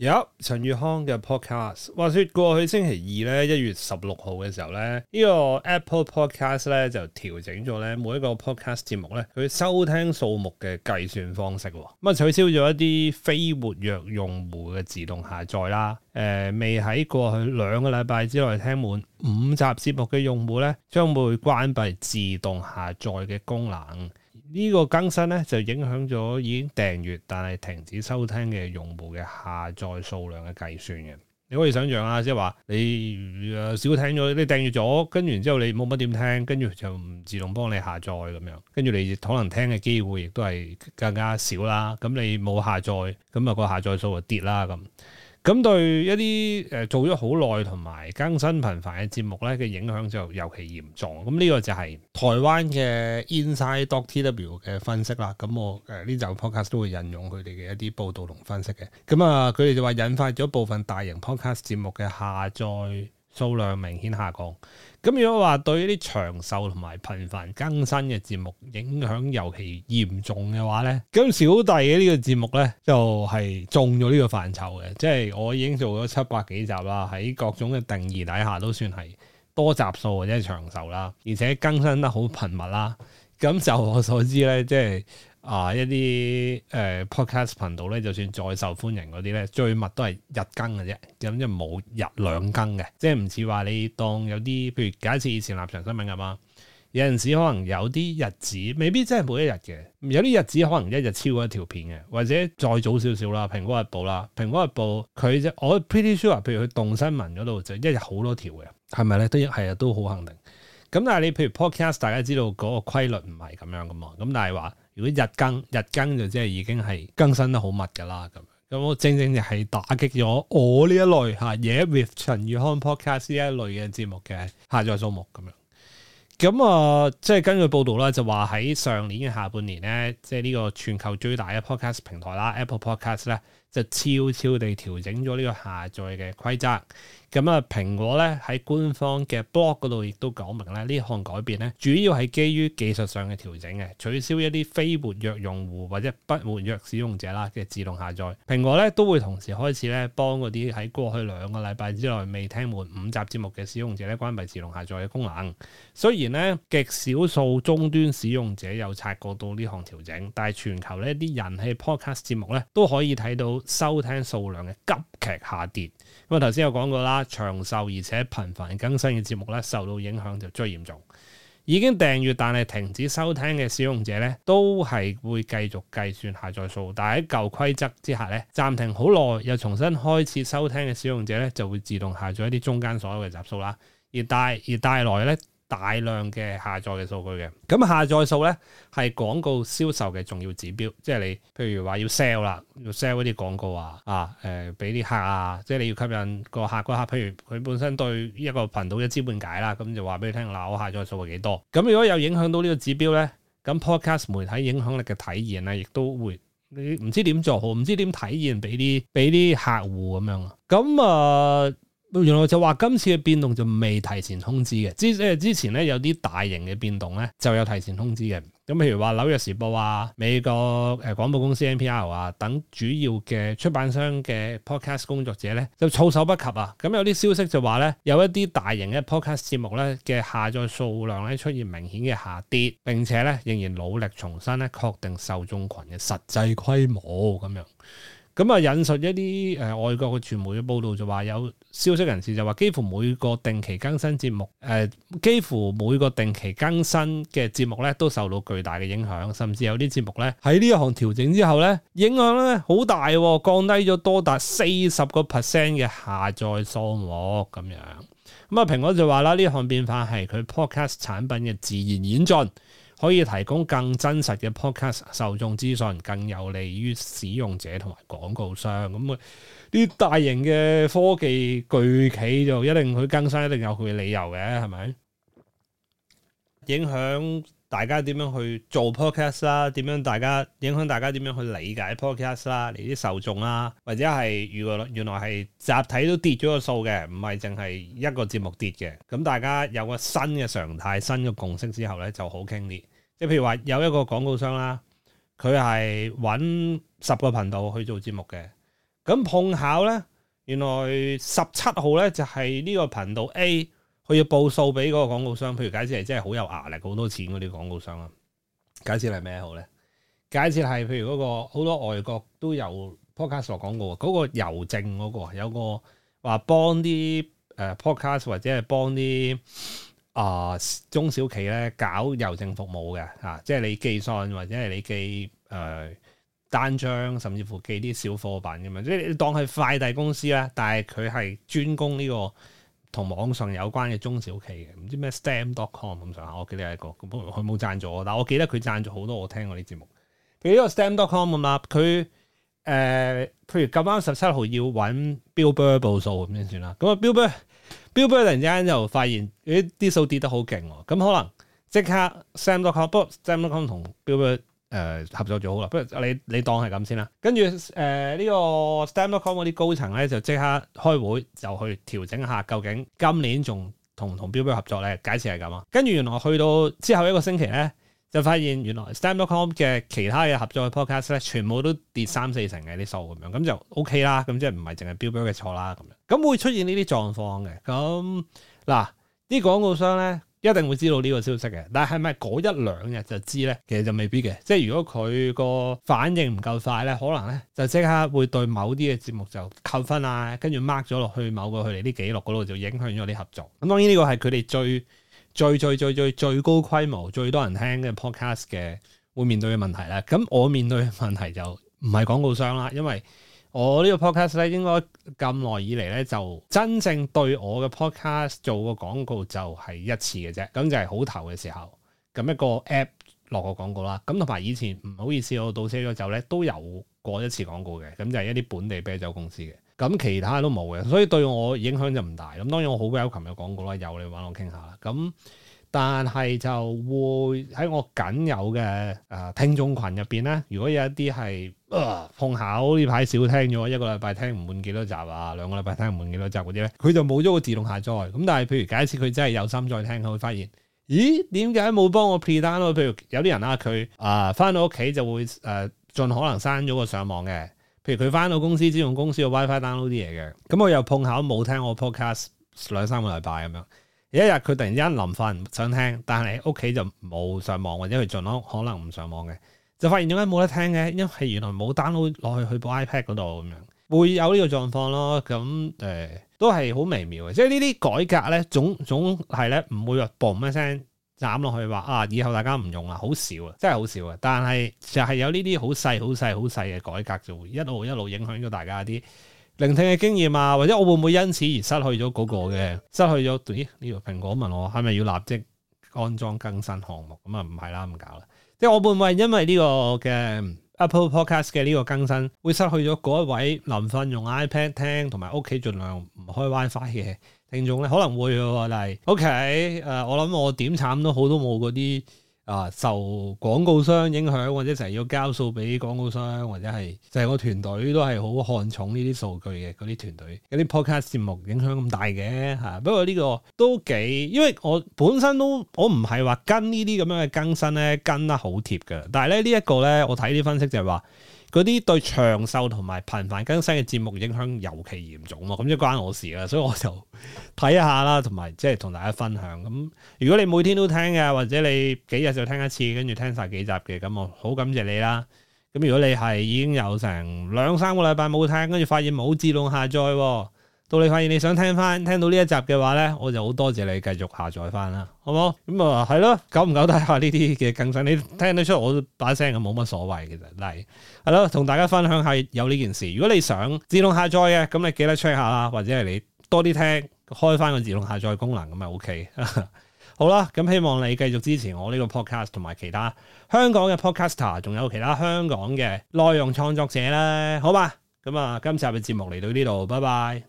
有、yep, 陳宇康嘅 podcast，話説過去星期二咧，一月十六號嘅時候咧，呢、這個 Apple Podcast 咧就調整咗咧每一個 podcast 節目咧佢收聽數目嘅計算方式，咁啊取消咗一啲非活躍用戶嘅自動下載啦，誒、呃、未喺過去兩個禮拜之內聽滿五集節目嘅用戶咧，將會關閉自動下載嘅功能。呢個更新咧就影響咗已經訂閱但係停止收聽嘅用戶嘅下載數量嘅計算嘅。你可以想象啊，即係話你少聽咗，你訂閱咗跟住之後你冇乜點聽，跟住就唔自動幫你下載咁樣，跟住你可能聽嘅機會亦都係更加少啦。咁你冇下載，咁啊個下載數就跌啦咁。咁對一啲誒、呃、做咗好耐同埋更新頻繁嘅節目咧嘅影響就尤其嚴重。咁呢個就係台灣嘅 InsideDocTW 嘅分析啦。咁我誒呢、呃、集 podcast 都會引用佢哋嘅一啲報道同分析嘅。咁啊，佢、呃、哋就話引發咗部分大型 podcast 節目嘅下載數量明顯下降，咁如果話對於啲長壽同埋頻繁更新嘅節目影響尤其嚴重嘅話咧，咁小弟嘅呢、就是、個節目咧就係中咗呢個範疇嘅，即係我已經做咗七百幾集啦，喺各種嘅定義底下都算係多集數，或者係長壽啦，而且更新得好頻密啦，咁就我所知咧，即係。啊！一啲誒、呃、podcast 頻道咧，就算再受歡迎嗰啲咧，最密都係日更嘅啫，咁就冇日兩更嘅，即係唔似話你當有啲，譬如假設以前立場新聞啊嘛，有陣時可能有啲日子未必真係每一日嘅，有啲日子可能一日超過一條片嘅，或者再早少少啦，蘋《蘋果日報》啦，《蘋果日報》佢就我 pretty sure 啊，譬如佢動新聞嗰度就一日好多條嘅，係咪咧？都係啊，都好肯定。咁但係你譬如 podcast，大家知道嗰個規律唔係咁樣噶嘛？咁但係話如果日更日更就即係已經係更新得好密噶啦，咁咁正正就係打擊咗我呢一類嚇，嘢、yeah, with 陳宇康 podcast 呢一類嘅節目嘅下載數目咁樣。咁啊、呃，即係根據報導啦，就話喺上年嘅下半年咧，即係呢個全球最大嘅 podcast 平台啦，Apple Podcast 咧就超超地調整咗呢個下載嘅規則。咁啊，蘋果咧喺官方嘅 blog 度亦都講明咧，呢項改變咧主要係基於技術上嘅調整嘅，取消一啲非活躍用戶或者不活躍使用者啦嘅自動下載，蘋果咧都會同時開始咧幫嗰啲喺過去兩個禮拜之內未聽滿五集節目嘅使用者咧關閉自動下載嘅功能。雖然咧極少數終端使用者有察覺到呢項調整，但係全球咧啲人氣 podcast 節目咧都可以睇到收聽數量嘅急劇下跌。咁啊頭先有講過啦。長壽而且頻繁更新嘅節目咧，受到影響就最嚴重。已經訂閱但係停止收聽嘅使用者咧，都係會繼續計算下載數。但係喺舊規則之下咧，暫停好耐又重新開始收聽嘅使用者咧，就會自動下載一啲中間所有嘅集數啦。而帶而帶來咧。大量嘅下載嘅數據嘅，咁下載數咧係廣告銷售嘅重要指標，即係你譬如話要 sell 啦，要 sell 一啲廣告啊，啊、呃、誒，俾啲客啊，即係你要吸引個客個客，譬如佢本身對一個頻道一知半解啦，咁就話俾你聽嗱、啊，我下載數係幾多，咁如果有影響到呢個指標咧，咁 podcast 媒體影響力嘅體現啊，亦都會你唔知點做好，唔知點體現俾啲俾啲客戶咁樣啊，咁啊。呃原來就話今次嘅變動就未提前通知嘅，之誒之前咧有啲大型嘅變動咧就有提前通知嘅。咁譬如話紐約時報啊、美國誒廣播公司 NPR 啊等主要嘅出版商嘅 podcast 工作者咧就措手不及啊。咁有啲消息就話咧有一啲大型嘅 podcast 節目咧嘅下載數量咧出現明顯嘅下跌，並且咧仍然努力重新咧確定受眾群嘅實際規模咁樣。咁啊，引述一啲誒外國嘅傳媒嘅報道就話有消息人士就話，幾乎每個定期更新節目，誒、呃、幾乎每個定期更新嘅節目咧都受到巨大嘅影響，甚至有啲節目咧喺呢一項調整之後咧，影響咧好大，降低咗多達四十個 percent 嘅下載數咁樣。咁啊，蘋果就話啦，呢一項變化係佢 podcast 產品嘅自然演進。可以提供更真實嘅 podcast 受眾資訊，更有利於使用者同埋廣告商。咁啊，啲大型嘅科技巨企就一定佢更新，一定有佢嘅理由嘅，係咪？影響大家點樣去做 podcast 啦？點樣大家影響大家點樣去理解 podcast 啦？嚟啲受眾啦，或者係原來原來係集體都跌咗個數嘅，唔係淨係一個節目跌嘅。咁大家有個新嘅常態、新嘅共識之後咧，就好傾啲。即係譬如話有一個廣告商啦，佢係揾十個頻道去做節目嘅。咁碰巧咧，原來十七號咧就係呢個頻道 A，佢要報數俾嗰個廣告商。譬如假設係真係好有牙力、好多錢嗰啲廣告商啊。假設係咩好咧？假設係譬如嗰個好多外國都有 podcast 做廣告嗰個郵政嗰個，有個話幫啲誒 podcast 或者係幫啲。啊、呃，中小企咧搞郵政服務嘅嚇、啊，即係你寄信或者係你寄誒、呃、單張，甚至乎寄啲小貨品咁樣，即係當係快遞公司啦。但係佢係專攻呢個同網上有關嘅中小企嘅，唔知咩 Stamp.com 咁上下，我記得有一個，佢冇贊咗？但係我記得佢贊咗好多，我聽過啲節目。佢呢個 Stamp.com 咁啦，佢、呃、誒，譬如咁啱十七號要揾 Bill Burr 報數咁先算啦，咁啊 Bill Burr Billboard 突然間就發現誒啲數跌得好勁，咁可能即刻 Steam.com，不過 Steam.com 同 Billboard 誒、呃、合作咗好啦。不如你你當係咁先啦。跟住誒呢個 Steam.com 嗰啲高層咧就即刻開會就去調整下，究竟今年仲同唔同 Billboard 合作咧？解釋係咁啊。跟住原來去到之後一個星期咧，就發現原來 Steam.com 嘅其他嘅合作嘅 podcast 咧，全部都跌三四成嘅啲數咁樣，咁就 OK 啦。咁即係唔係淨係 Billboard 嘅錯啦咁樣。咁會出現呢啲狀況嘅，咁，嗱，啲廣告商咧一定會知道呢個消息嘅，但係咪嗰一兩日就知咧？其實就未必嘅，即係如果佢個反應唔夠快咧，可能咧就即刻會對某啲嘅節目就扣分啊，跟住 mark 咗落去某個佢哋啲記錄嗰度，就影響咗啲合作。咁當然呢個係佢哋最最最最最最高規模最多人聽嘅 podcast 嘅會面對嘅問題啦。咁我面對嘅問題就唔係廣告商啦，因為。我呢個 podcast 咧，應該咁耐以嚟咧，就真正對我嘅 podcast 做個廣告就係一次嘅啫。咁就係好頭嘅時候，咁一個 app 落個廣告啦。咁同埋以前唔好意思，我倒車咗走咧，都有過一次廣告嘅。咁就係一啲本地啤酒公司嘅。咁其他都冇嘅，所以對我影響就唔大。咁當然我好 welcome 有廣告啦，有你揾我傾下啦。咁但係就會喺我僅有嘅啊、呃、聽眾群入邊咧，如果有一啲係。啊，碰巧呢排少聽咗一個禮拜，聽唔滿幾多集啊，兩個禮拜聽唔滿幾多集嗰啲咧，佢就冇咗個自動下載。咁但係，譬如假設佢真係有心再聽，佢會發現，咦，點解冇幫我 pre down？譬如有啲人啊，佢啊返到屋企就會誒、呃、盡可能刪咗個上網嘅。譬如佢返到公司只用公司嘅 WiFi download 啲嘢嘅。咁我又碰巧冇聽我 podcast 兩三個禮拜咁樣。有一日佢突然之間臨瞓想聽，但係屋企就冇上網或者佢盡可能唔上網嘅。就發現點解冇得聽嘅，因為原來冇 download 落去去部 iPad 嗰度咁樣，會有呢個狀況咯。咁、嗯、誒都係好微妙嘅，即係呢啲改革咧，總總係咧唔會話嘣一聲斬落去話啊，以後大家唔用啦，好少啊，真係好少啊。但係就係、是、有呢啲好細、好細、好細嘅改革，就會一路一路影響咗大家啲聆聽嘅經驗啊，或者我會唔會因此而失去咗嗰個嘅？失去咗咦？呢、這個蘋果問我係咪要立即安裝更新項目？咁啊唔係啦，唔搞啦。即係我會唔會因為呢個嘅 Apple Podcast 嘅呢個更新，會失去咗嗰一位臨瞓用 iPad 聽，同埋屋企盡量唔開 WiFi 嘅聽眾咧？可能會喎，但係 OK，誒，我諗我點慘都好都冇嗰啲。啊！受廣告商影響，或者成日要交數俾廣告商，或者係就係我團隊都係好看重呢啲數據嘅嗰啲團隊，嗰啲 podcast 節目影響咁大嘅嚇、啊。不過呢個都幾，因為我本身都我唔係話跟呢啲咁樣嘅更新咧，跟得好貼㗎。但係咧呢一，呢個咧，我睇啲分析就係話。嗰啲對長壽同埋頻繁更新嘅節目影響尤其嚴重啊！咁即係關我事啊，所以我就睇一下啦，同埋即係同大家分享。咁如果你每天都聽嘅，或者你幾日就聽一次，跟住聽晒幾集嘅，咁我好感謝你啦。咁如果你係已經有成兩三個禮拜冇聽，跟住發現冇自動下載啊。到你發現你想聽翻聽到呢一集嘅話咧，我就好多謝你繼續下載翻啦，好唔好？咁、嗯、啊，係咯，久唔久睇下呢啲嘅，更新？你聽得出我把聲啊，冇乜所謂。其實嚟係咯，同大家分享下有呢件事。如果你想自動下載嘅，咁你記得 check 下啦，或者係你多啲聽開翻個自動下載功能咁啊 OK。 好啦，咁希望你繼續支持我呢個 podcast 同埋其他香港嘅 podcaster，仲有其他香港嘅內容創作者啦，好吧，咁啊，今集嘅節目嚟到呢度，拜拜。